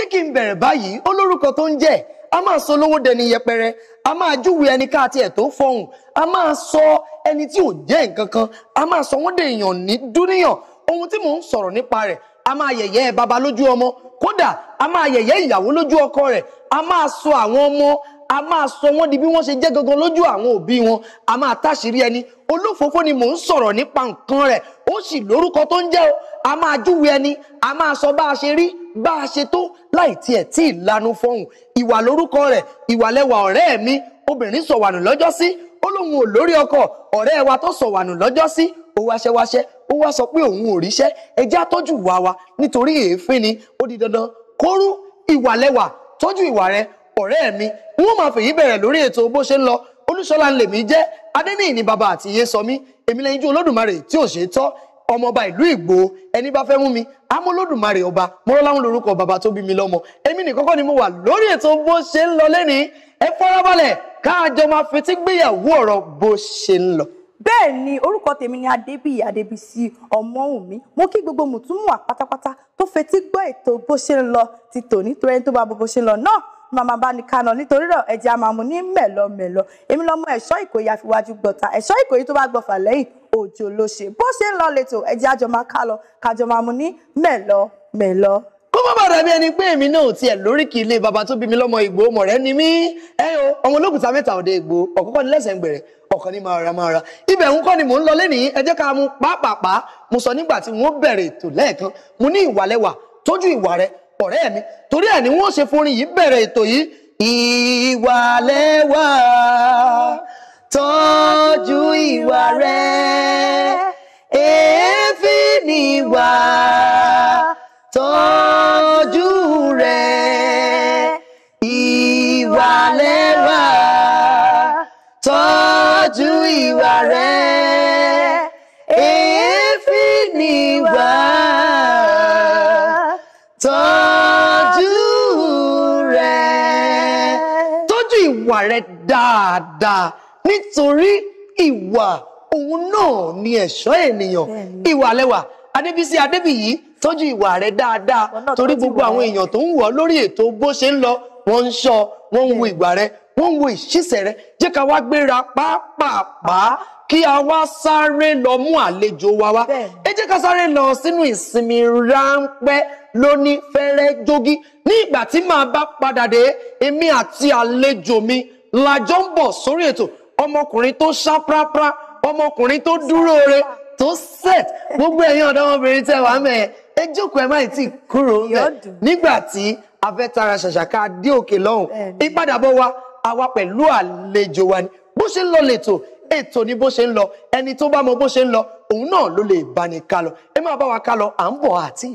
jẹ́ kí n bẹ̀rẹ̀ báyìí olórúkọ tó ń jẹ́ a máa sọ lówó dẹni yẹpẹrẹ a máa júwe ẹni ká ẹ̀ tó fọhùn a máa sọ ẹni tí ò jẹ́ nǹkan kan a máa sọ wọ́n dèèyàn ní dúníyàn ohun tí mò ń sọ̀rọ̀ nípa rẹ̀ a máa yẹ̀yẹ́ baba lójú ọmọ kódà a máa yẹ̀yẹ́ ìyàwó lójú ọkọ rẹ̀ a máa sọ àwọn ọmọ a máa sọ wọ́n di bí wọ́n ṣe jẹ́ gangan lójú àwọn òbí wọn a máa táṣìírí ẹni olófòófó ni mò ń sọ̀rọ̀ nípa nǹkan rẹ̀ ó sì lórúkọ tó ń jẹ́ a máa júwe ẹni a máa sọ bá a ṣe rí bá a ṣe tó láì tiẹ̀ tí ì lanu fọhùn ìwà lórúkọ rẹ̀ ìwàlẹ́wà ọ̀rẹ́ mi obìnrin sọ̀wànù lọ́jọ́ sí ó lóun ò lórí ọkọ ọ̀rẹ́ wa tó sọ̀wànù lọ́jọ́ sí ó wáṣẹ́wáṣẹ́ ó wá sọ pé òun ò ríṣẹ́ ẹjẹ́ àtọ́jú wa wa nítorí èéfín ni ó di dandan kóró ìwàlẹ́wà tọ́jú ìwà rẹ ọ̀rẹ́ mi wọ́n máa fèyí bẹ̀rẹ̀ lórí ètò bó ṣe ń lọ olúṣọlá ń lèmi jẹ́ adẹ́nìyí ni bàbá àti iye sọ mí èmi lẹ́yìn ju olódùmarè tí ò ṣe é tọ́ ọmọọba ìlú Ìgbò ẹni bá fẹ́ mú mi amúlódùmarè ọba mọ́rọ́láhùn lórúkọ bàbá tó bí mi lọ́mọ èmi nìkan ni mo wà lórí ètò bó ṣe ń lọ lẹ́nìí ẹ fọ́nrọ́bọ̀lẹ̀ káàjọ máa fetí gbéyàwó ọ̀rọ̀ bó ṣe ń lọ bẹ́ẹ̀ ni orúkọ tèmi ni adébíyì adébísí ọmọwùnmí mo kí gbogbo mùtúmùwà pátápátá tó fetí gbọ́ ètò bó ṣe ń lọ ti tòní torí ẹni tó bá bó ṣe ń lọ náà máa máa bá ní kaná nítorí rẹ̀ ẹ̀jẹ̀ a máa mu ní mẹ̀lọmẹ̀lọ èmi lọ́mọ ẹ̀ṣọ́ ìkòyí àfiwájú gbọ̀ta ẹ̀ṣọ́ ìkòyí tó bá gbọ̀fà lẹ́yìn òjò ló ṣe bó ṣe ń lọ lẹ́tọ̀ ẹ̀jẹ̀ àjọ máa ká lọ kájọ máa mu ní mẹ̀lọmẹ̀lọ kó má bàa dàbí ẹni pé èmi náà tiẹ̀ lóríkì ilé baba tó bí mi lọ́mọ Ìgbò ọmọ rẹ ni mí ẹ o ọmọ Olókùta mẹ́ta ọ̀dẹ Ìgbò ọ̀kọ́kọ́ ni lẹ́sẹ̀ ń gbẹ̀rẹ̀ ọ̀kan ní máa ra máa ra ibẹ̀ ń kọ́ ni mò ń lọ lẹ́nìí ẹ jẹ́ ká mu pàápàá mo sọ nígbà tí wọ́n bẹ̀rẹ̀ ètò lẹ́ẹ̀kan mo ní ìwàlẹ́wà tójú ìwà rẹ ọ̀rẹ́ mi torí ẹ̀ ni wọ́n ṣe forin yìí bẹ̀rẹ̀ ètò yìí ìwà lẹ́wà tọ́jú ìwà rẹ̀ èéfín níwà tọ́jú rẹ̀ ìwà lẹ́wà tọ́jú ìwà rẹ̀. rẹ dáadáa nítorí ìwà òun náà ni ẹ̀ṣọ́ ènìyàn ìwà lẹ́wà adébísí adébíyí tọ́jú ìwà rẹ dáadáa torí gbogbo àwọn èèyàn tó ń wọ̀ lórí ètò bó ṣe ń lọ wọ́n ń ṣọ́ wọ́n ń wo ìgbà rẹ wọ́n ń wo ìṣísẹ̀ rẹ jẹ́ ká wá gbéra pápápá kí a wá sáré lọ mú àlejò wa wá ẹ jẹ́ ká sáré lọ sínú ìsinmi ráńpẹ́ lóní fẹ́rẹ́ jogi ní ìgbà tí màá bá padà dé èmi àti àlejò mi làjọ ń bọ̀ sórí ètò ọmọkùnrin tó ṣáprápra ọmọkùnrin tó dúró tó set gbogbo ẹ̀yin ọ̀dọ́mọbìnrin tẹ́ wàá mẹ ẹ jókòó ẹ má tí ì kúrò ńlẹ̀ nígbà tí a fẹ́ tara ṣàṣàká dé òkè lọ́hùn ìpadàbọ̀ wa àwa pẹ̀lú àlejò wa ni bó ṣe ń lọ lẹ́tọ̀ọ́ ètò ni bó ṣe ń lọ ẹni tó bá mọ bó ṣe ń lọ òun náà ló lè bá ní ká lọ ẹ máa bá wa ká lọ à ń bọ̀ àti.